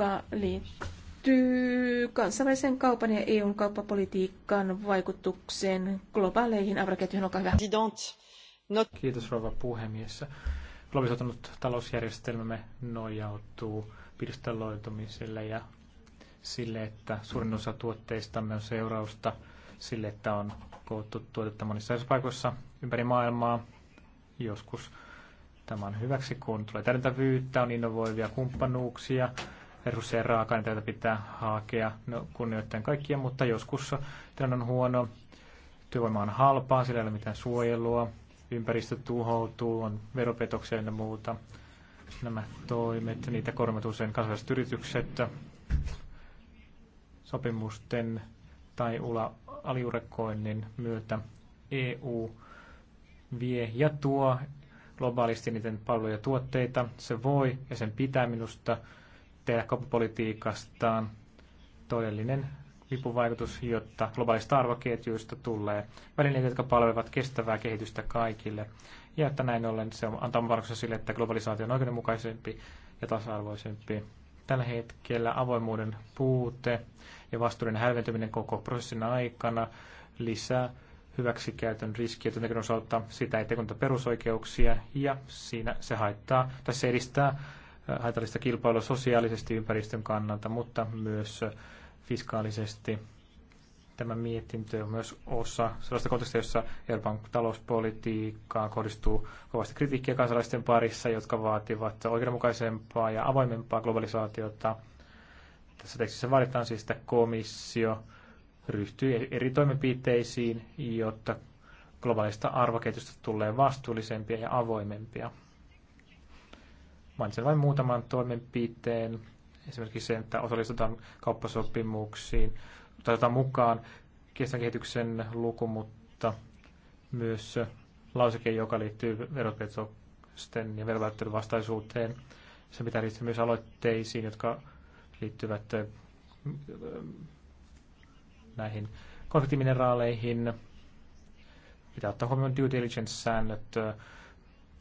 joka liittyy kansainvälisen kaupan ja EUn kauppapolitiikan vaikutukseen globaaleihin arvoketjuihin. Olkaa hyvä. Kiitos rouva puhemies. Globalisoitunut talousjärjestelmämme nojautuu pirstaloitumiselle ja sille, että suurin osa tuotteistamme on seurausta sille, että on koottu tuotetta monissa paikoissa ympäri maailmaa. Joskus tämä on hyväksi, kun tulee täydentävyyttä, on innovoivia kumppanuuksia, resursseja raaka aineita pitää hakea no, kunnioittain kaikkia, mutta joskus tilanne on huono, työvoima on halpaa, sillä ei ole mitään suojelua, ympäristö tuhoutuu, on veropetoksia ja muuta. Nämä toimet, niitä korvat usein kansainväliset yritykset sopimusten tai ula aliurekoinnin myötä EU vie ja tuo globaalisti niiden palveluja ja tuotteita. Se voi ja sen pitää minusta tehdä kauppapolitiikastaan todellinen vipuvaikutus, jotta globaalista arvoketjuista tulee välineitä, jotka palvelevat kestävää kehitystä kaikille. Ja että näin ollen se antaa panoksen sille, että globalisaatio on oikeudenmukaisempi ja tasa-arvoisempi. Tällä hetkellä avoimuuden puute ja vastuuden hälventyminen koko prosessin aikana lisää hyväksikäytön riskiä että osalta sitä ei tekunta perusoikeuksia ja siinä se haittaa tai se edistää haitallista kilpailua sosiaalisesti ympäristön kannalta, mutta myös fiskaalisesti. Tämä mietintö on myös osa sellaista kontekstia, jossa Euroopan talouspolitiikkaa kohdistuu kovasti kritiikkiä kansalaisten parissa, jotka vaativat oikeudenmukaisempaa ja avoimempaa globalisaatiota. Tässä tekstissä vaaditaan siis, että komissio ryhtyy eri toimenpiteisiin, jotta globaalista arvokehitystä tulee vastuullisempia ja avoimempia. Mainitsen vain muutaman toimenpiteen, esimerkiksi sen, että osallistutaan kauppasopimuksiin, otetaan mukaan kestävän kehityksen luku, mutta myös lauseke, joka liittyy veropetosten ja verovälttelyn vastaisuuteen. Se pitää liittyä myös aloitteisiin, jotka liittyvät näihin konfliktimineraaleihin. Pitää ottaa huomioon due diligence-säännöt,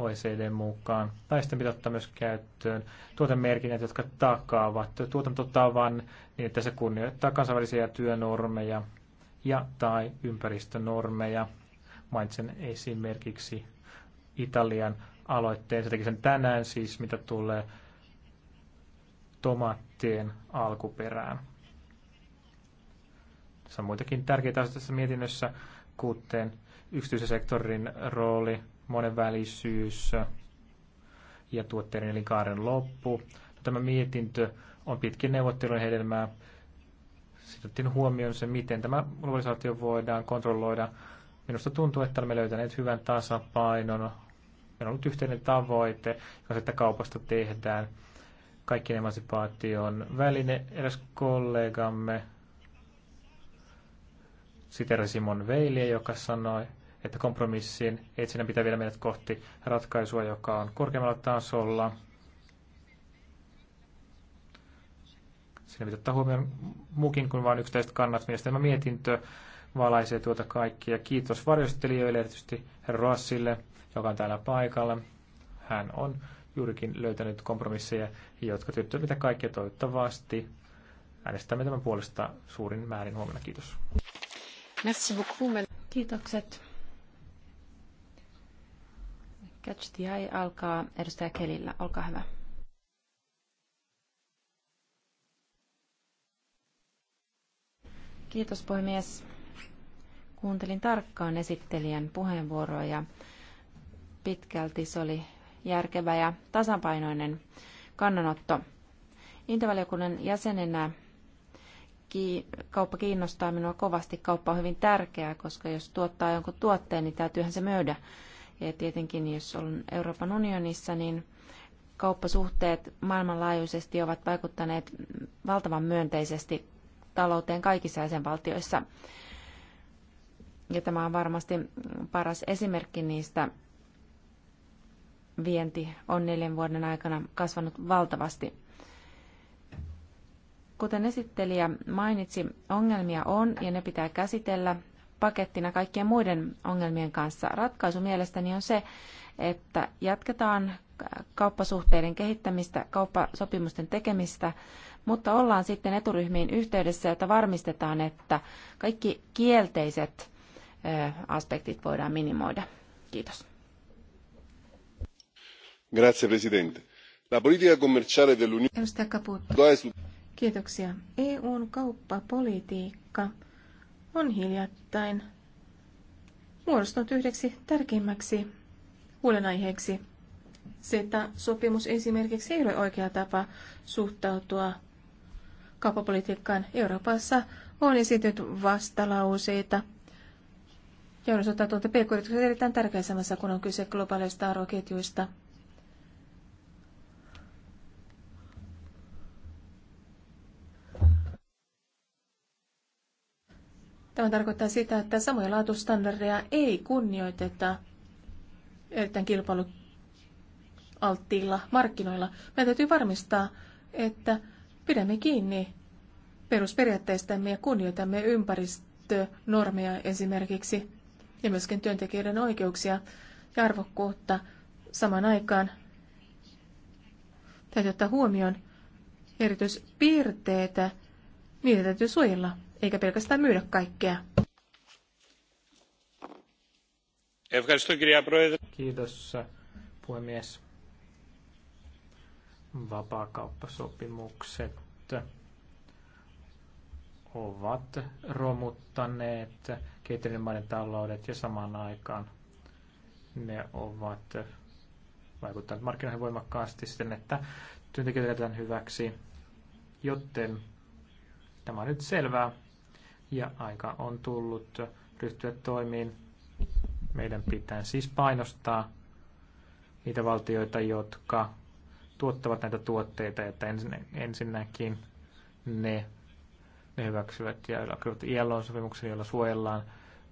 OECD mukaan. Tai sitten pitää ottaa myös käyttöön tuotemerkinnät, jotka takaavat tuotantotavan niin, että se kunnioittaa kansainvälisiä työnormeja ja tai ympäristönormeja. Mainitsen esimerkiksi Italian aloitteen. Se teki sen tänään siis, mitä tulee tomaattien alkuperään. Tässä on muitakin tärkeitä asioita tässä mietinnössä tehokkuuteen, yksityisen sektorin rooli, monenvälisyys ja tuotteiden elinkaaren loppu. Tämä mietintö on pitkin neuvottelujen hedelmää. Sitten huomioon se, miten tämä globalisaatio voidaan kontrolloida. Minusta tuntuu, että olemme löytäneet hyvän tasapainon. Meillä on ollut yhteinen tavoite, jos että kaupasta tehdään kaikkien emansipaation väline. Eräs kollegamme siteri Simon Veiliä, joka sanoi, että kompromissiin etsinnän pitää viedä meidät kohti ratkaisua, joka on korkeammalla tasolla. Siinä pitää ottaa huomioon mukin kuin vain yksittäiset kannat. Mielestäni tämä mietintö valaisee tuota kaikkia. Kiitos varjostelijoille, erityisesti herra Rossille, joka on täällä paikalla. Hän on juurikin löytänyt kompromisseja, jotka tyydyttävät mitä kaikkia toivottavasti. Äänestämme tämän puolesta suurin määrin huomenna. Kiitos. Kiitokset. Catch the Eye alkaa edustaja Kelillä. Olkaa hyvä. Kiitos puhemies. Kuuntelin tarkkaan esittelijän puheenvuoroa ja pitkälti se oli järkevä ja tasapainoinen kannanotto. Intavaliokunnan jäsenenä kauppa kiinnostaa minua kovasti. Kauppa on hyvin tärkeää, koska jos tuottaa jonkun tuotteen, niin täytyyhän se myydä. Ja tietenkin, jos on Euroopan unionissa, niin kauppasuhteet maailmanlaajuisesti ovat vaikuttaneet valtavan myönteisesti talouteen kaikissa jäsenvaltioissa. Ja tämä on varmasti paras esimerkki niistä. Vienti on neljän vuoden aikana kasvanut valtavasti. Kuten esittelijä mainitsi, ongelmia on ja ne pitää käsitellä pakettina kaikkien muiden ongelmien kanssa. Ratkaisu mielestäni on se, että jatketaan kauppasuhteiden kehittämistä, kauppasopimusten tekemistä, mutta ollaan sitten eturyhmiin yhteydessä, että varmistetaan, että kaikki kielteiset aspektit voidaan minimoida. Kiitos. Grazie Presidente. La politica commerciale dell'Unione Kiitoksia. EUn kauppapolitiikka on hiljattain muodostunut yhdeksi tärkeimmäksi huolenaiheeksi. Se, että sopimus esimerkiksi ei ole oikea tapa suhtautua kauppapolitiikkaan Euroopassa, on esiintynyt vastalauseita. Ja on osoittautunut, että pk-yritykset erittäin tärkeässä kun on kyse globaaleista arvoketjuista – Tämä tarkoittaa sitä, että samoja laatustandardeja ei kunnioiteta erittäin kilpailualttiilla markkinoilla. Meidän täytyy varmistaa, että pidämme kiinni perusperiaatteistamme ja kunnioitamme ympäristönormeja esimerkiksi ja myöskin työntekijöiden oikeuksia ja arvokkuutta samaan aikaan. Täytyy ottaa huomioon erityispiirteitä, niitä täytyy suojella eikä pelkästään myydä kaikkea. Kiitos puhemies. Vapaakauppasopimukset ovat romuttaneet kehittyneiden maiden taloudet ja samaan aikaan ne ovat vaikuttaneet markkinoihin voimakkaasti sen, että työntekijöitä käytetään hyväksi, joten tämä on nyt selvää, ja aika on tullut ryhtyä toimiin. Meidän pitää siis painostaa niitä valtioita, jotka tuottavat näitä tuotteita, että ensinnäkin ne, ne hyväksyvät ja ylläkyvät ILOn sopimuksen, jolla suojellaan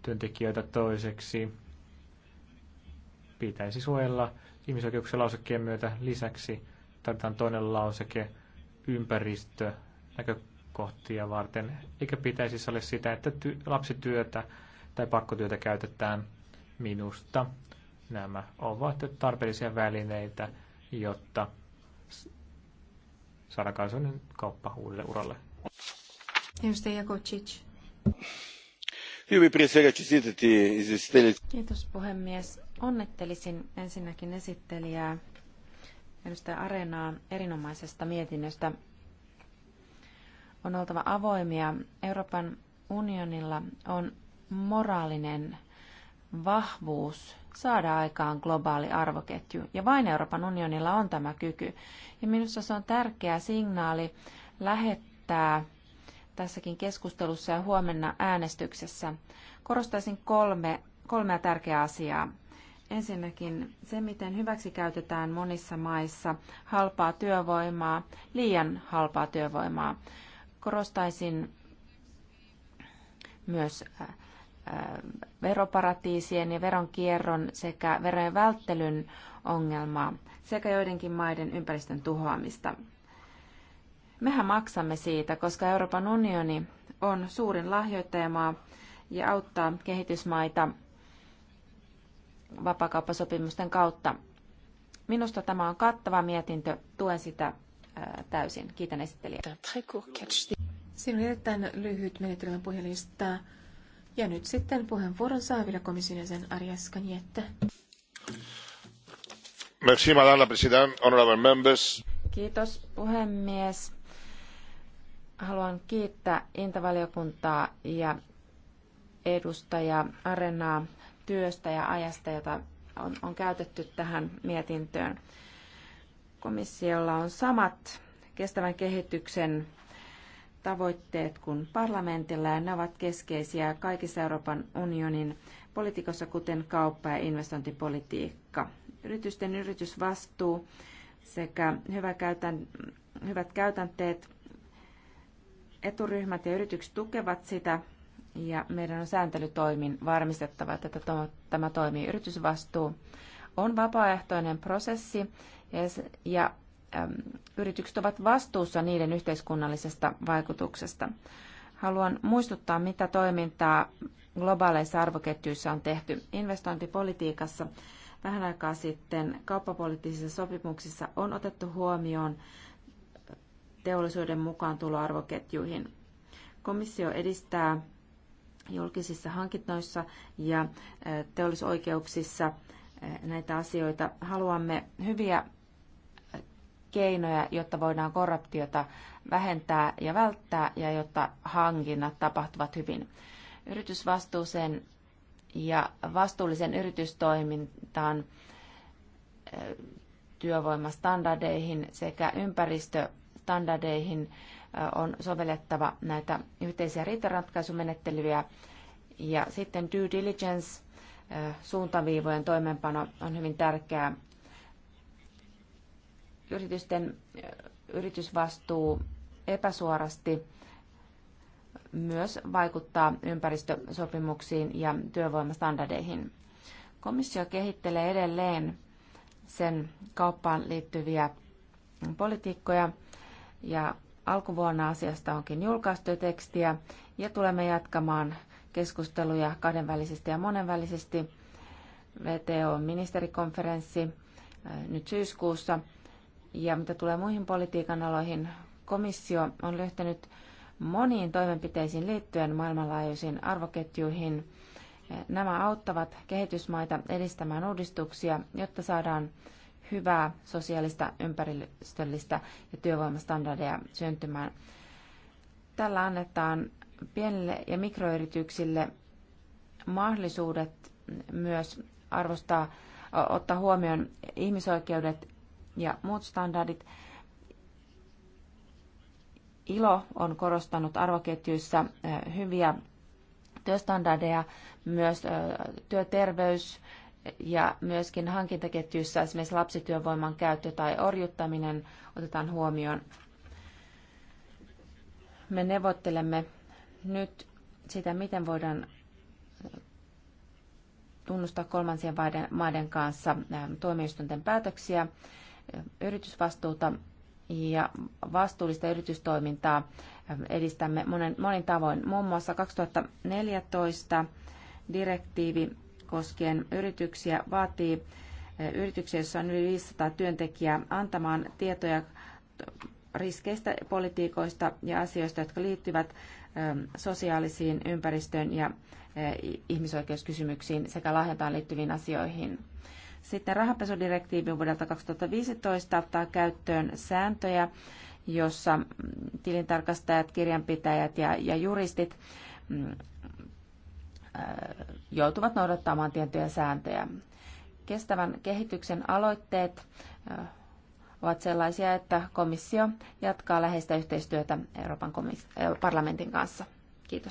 työntekijöitä toiseksi. Pitäisi suojella ihmisoikeuksien lausekkeen myötä lisäksi tarvitaan toinen lauseke ympäristö näkökulmasta kohtia varten, eikä pitäisi siis sitä, että ty- lapsityötä tai pakkotyötä käytetään minusta. Nämä ovat tarpeellisia välineitä, jotta saadaan kansallinen kauppa uudelle uralle. Kiitos puhemies. Onnettelisin ensinnäkin esittelijää edustaja Areenaa erinomaisesta mietinnöstä on oltava avoimia. Euroopan unionilla on moraalinen vahvuus saada aikaan globaali arvoketju. Ja vain Euroopan unionilla on tämä kyky. Ja minusta se on tärkeä signaali lähettää tässäkin keskustelussa ja huomenna äänestyksessä. Korostaisin kolme, kolmea tärkeää asiaa. Ensinnäkin se, miten hyväksi käytetään monissa maissa halpaa työvoimaa, liian halpaa työvoimaa. Korostaisin myös äh, äh, veroparatiisien ja veronkierron sekä verojen välttelyn ongelmaa sekä joidenkin maiden ympäristön tuhoamista. Mehän maksamme siitä, koska Euroopan unioni on suurin lahjoittajamaa ja auttaa kehitysmaita vapakauppasopimusten kautta. Minusta tämä on kattava mietintö, tuen sitä täysin. Kiitän esittelijää. Siinä oli erittäin lyhyt menetelmä puhelistaa. Ja nyt sitten puheenvuoron saa vielä komission jäsen Arias Kanjette. Merci, madame la présidente, honorable members. Kiitos puhemies. Haluan kiittää Intavaliokuntaa ja edustaja Arenaa työstä ja ajasta, jota on, on käytetty tähän mietintöön. Komissiolla on samat kestävän kehityksen tavoitteet kuin parlamentilla ja ne ovat keskeisiä kaikissa Euroopan unionin politiikassa, kuten kauppa- ja investointipolitiikka. Yritysten yritysvastuu sekä hyvä käytän, hyvät käytänteet, eturyhmät ja yritykset tukevat sitä ja meidän on sääntelytoimin varmistettava, että tämä toimii. Yritysvastuu on vapaaehtoinen prosessi, ja yritykset ovat vastuussa niiden yhteiskunnallisesta vaikutuksesta. Haluan muistuttaa, mitä toimintaa globaaleissa arvoketjuissa on tehty. Investointipolitiikassa vähän aikaa sitten kauppapoliittisissa sopimuksissa on otettu huomioon teollisuuden mukaan tuloarvoketjuihin. Komissio edistää julkisissa hankinnoissa ja teollisoikeuksissa näitä asioita. Haluamme hyviä keinoja, jotta voidaan korruptiota vähentää ja välttää ja jotta hankinnat tapahtuvat hyvin. Yritysvastuuseen ja vastuullisen yritystoimintaan, työvoimastandardeihin sekä ympäristöstandardeihin on sovellettava näitä yhteisiä riitaratkaisumenettelyjä. Ja sitten due diligence suuntaviivojen toimeenpano on hyvin tärkeää yritysten yritysvastuu epäsuorasti myös vaikuttaa ympäristösopimuksiin ja työvoimastandardeihin. Komissio kehittelee edelleen sen kauppaan liittyviä politiikkoja ja alkuvuonna asiasta onkin julkaistu tekstiä ja tulemme jatkamaan keskusteluja kahdenvälisesti ja monenvälisesti. VTO-ministerikonferenssi äh, nyt syyskuussa ja mitä tulee muihin politiikan aloihin, komissio on löytänyt moniin toimenpiteisiin liittyen maailmanlaajuisiin arvoketjuihin. Nämä auttavat kehitysmaita edistämään uudistuksia, jotta saadaan hyvää sosiaalista, ympäristöllistä ja työvoimastandardeja syntymään. Tällä annetaan pienille ja mikroyrityksille mahdollisuudet myös arvostaa, ottaa huomioon ihmisoikeudet ja muut standardit. ILO on korostanut arvoketjuissa hyviä työstandardeja, myös työterveys ja myöskin hankintaketjuissa esimerkiksi lapsityövoiman käyttö tai orjuttaminen otetaan huomioon. Me neuvottelemme nyt sitä, miten voidaan tunnustaa kolmansien maiden kanssa tuomioistuinten päätöksiä yritysvastuuta ja vastuullista yritystoimintaa edistämme monen, monin tavoin. Muun muassa 2014 direktiivi koskien yrityksiä vaatii eh, yrityksiä, joissa on yli 500 työntekijää, antamaan tietoja riskeistä, politiikoista ja asioista, jotka liittyvät eh, sosiaalisiin, ympäristöön ja eh, ihmisoikeuskysymyksiin sekä lahjontaan liittyviin asioihin. Sitten rahapesudirektiivi vuodelta 2015 ottaa käyttöön sääntöjä, jossa tilintarkastajat, kirjanpitäjät ja, ja juristit mm, äh, joutuvat noudattamaan tiettyjä sääntöjä. Kestävän kehityksen aloitteet äh, ovat sellaisia, että komissio jatkaa läheistä yhteistyötä Euroopan parlamentin kanssa. Kiitos.